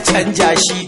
陈嘉戏。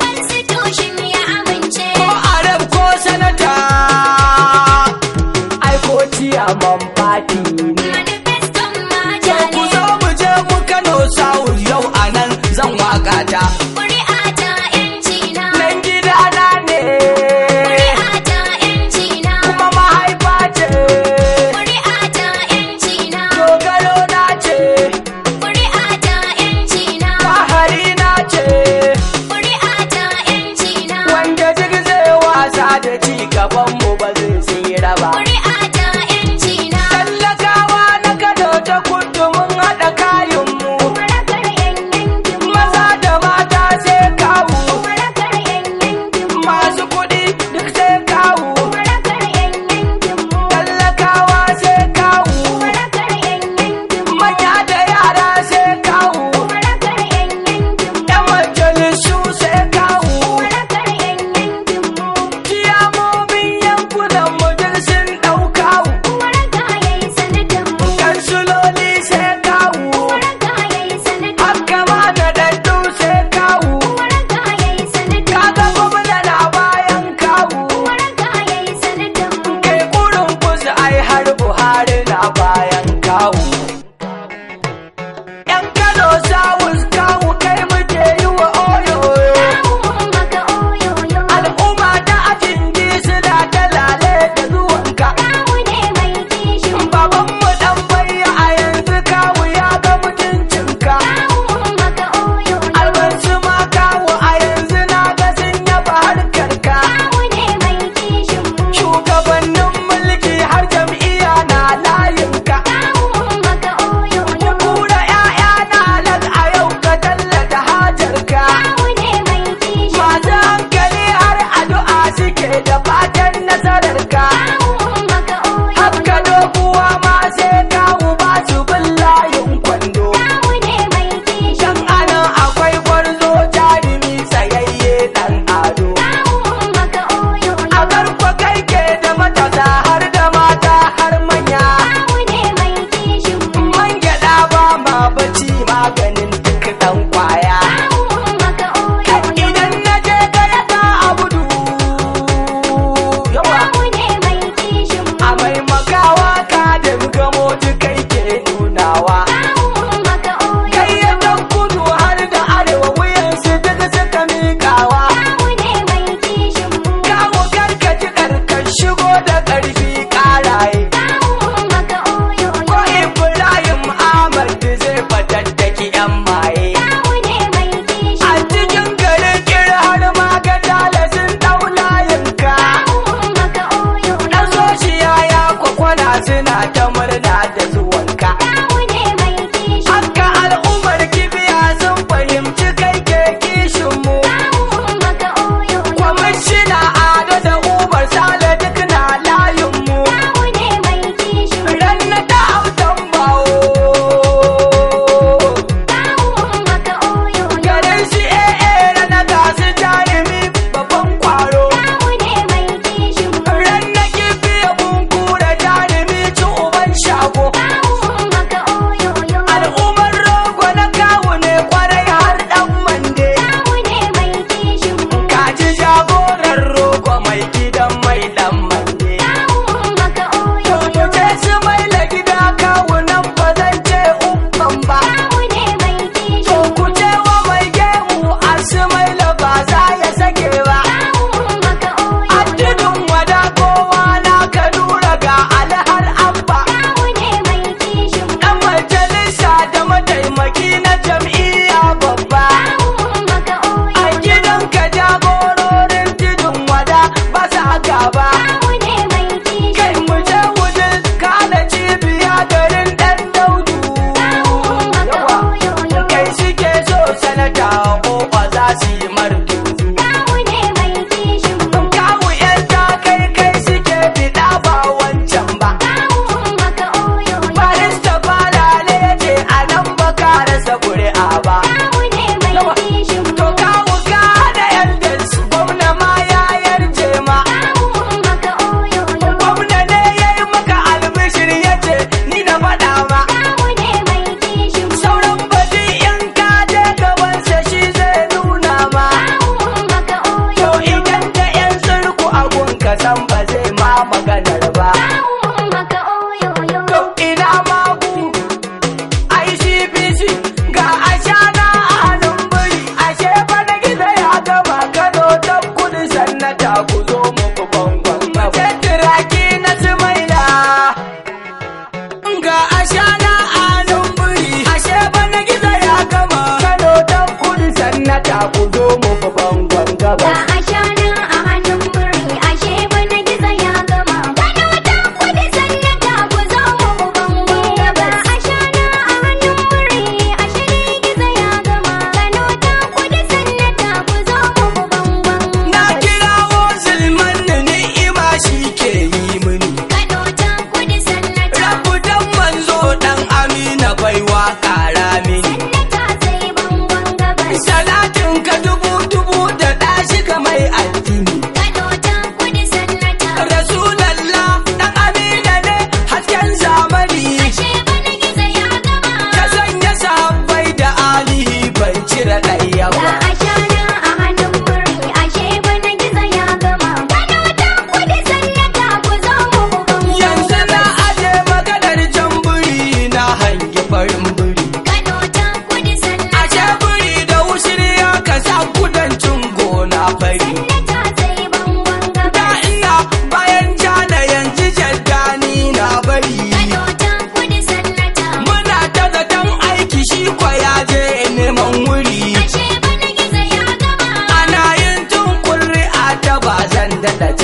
Gracias.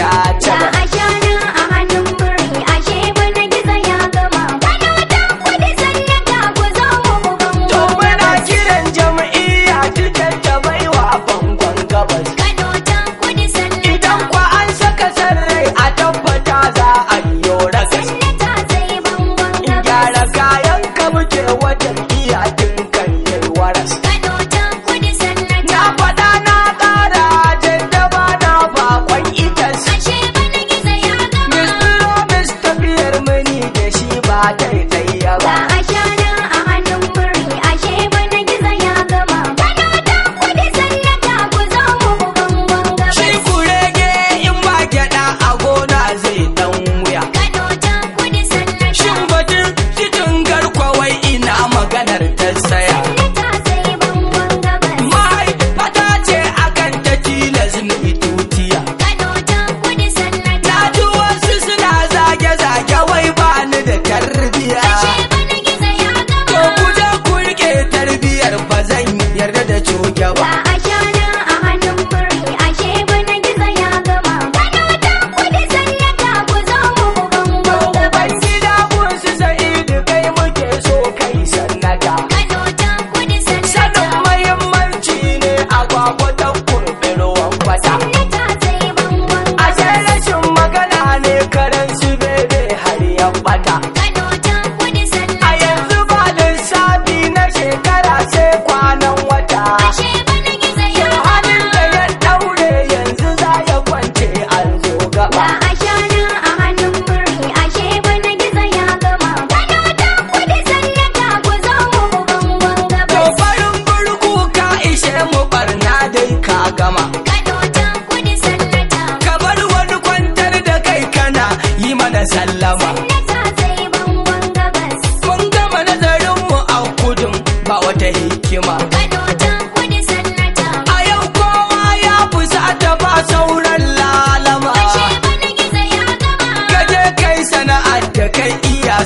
biyar ba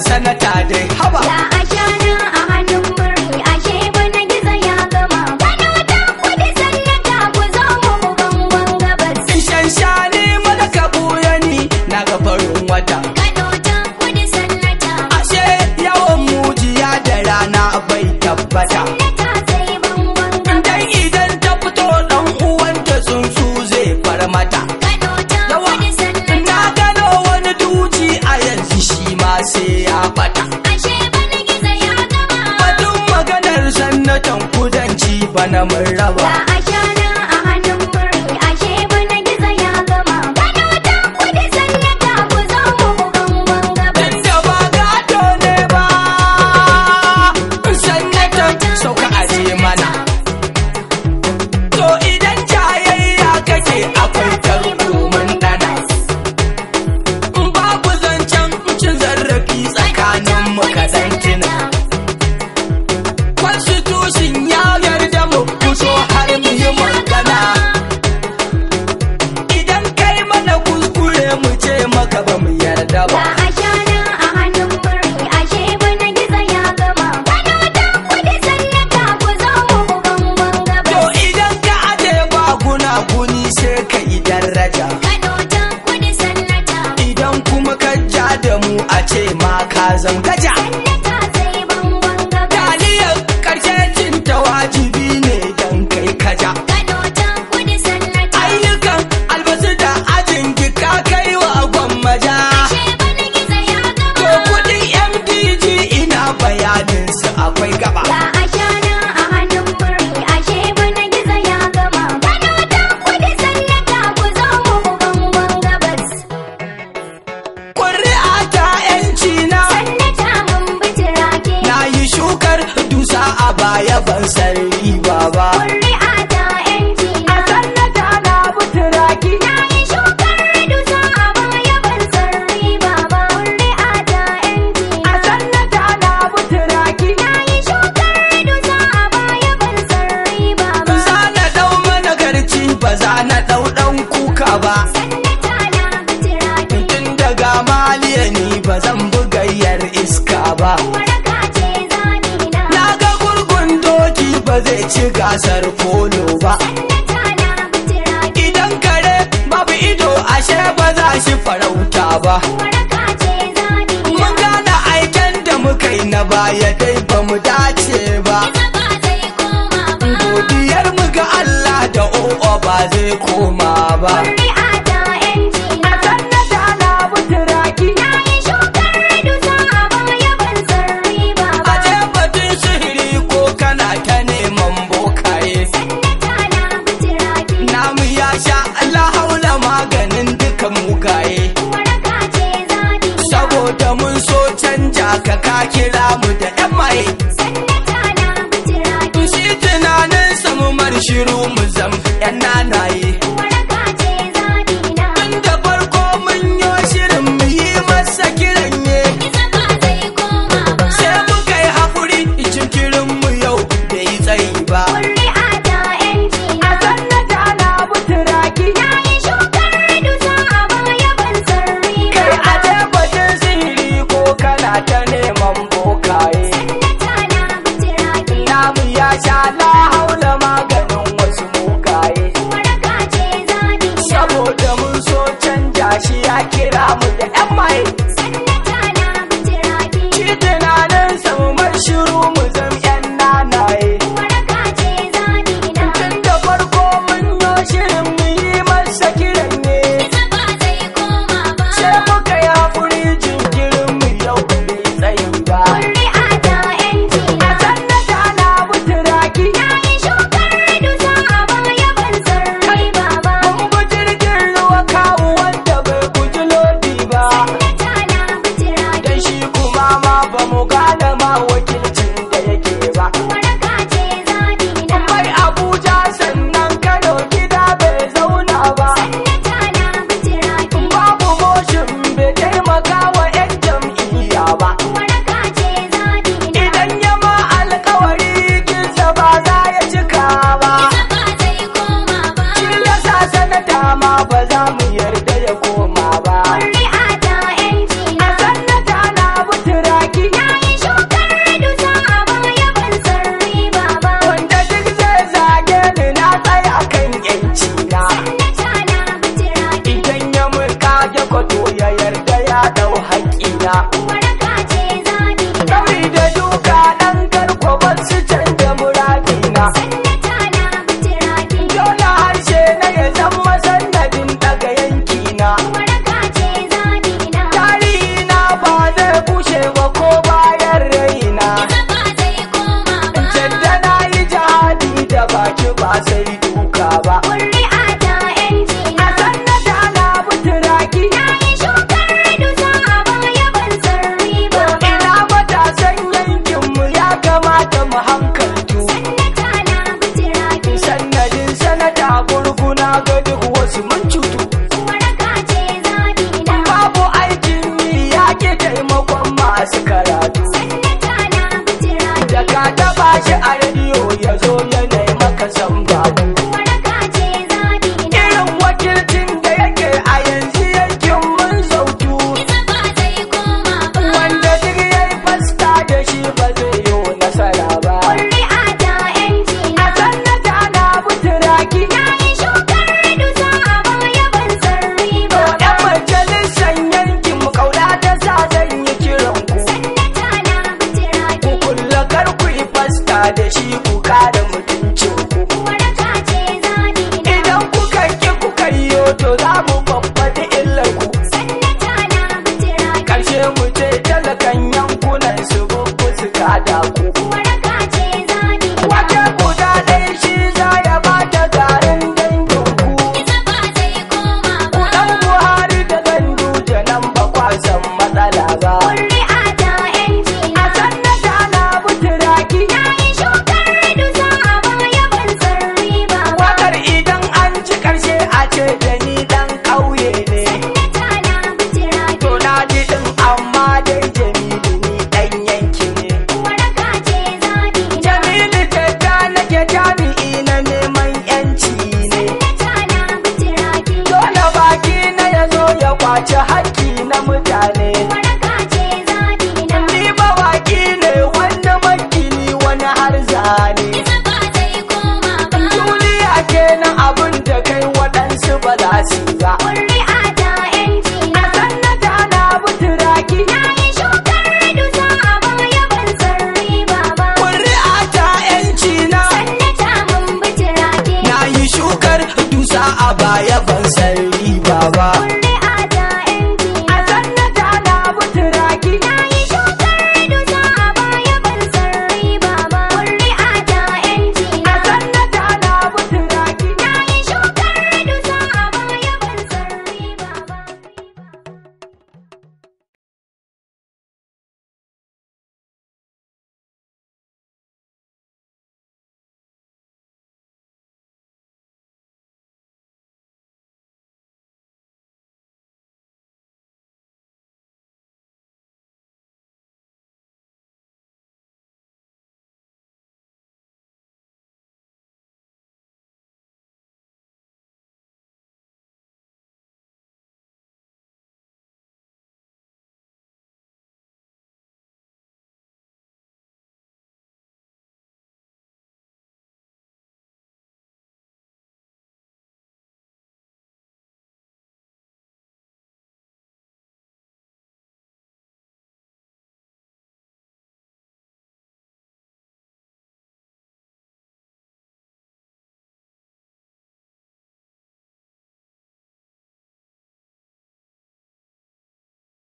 sanata dai haba bana mun rawa. cause I'm ci gasar kolo ba idan kare babu ido ashe ba za shi farauta ba mun gane aiken da muka yi na baya dai ba mu dace ba godiyar mu ga Allah da o'o ba zai koma ba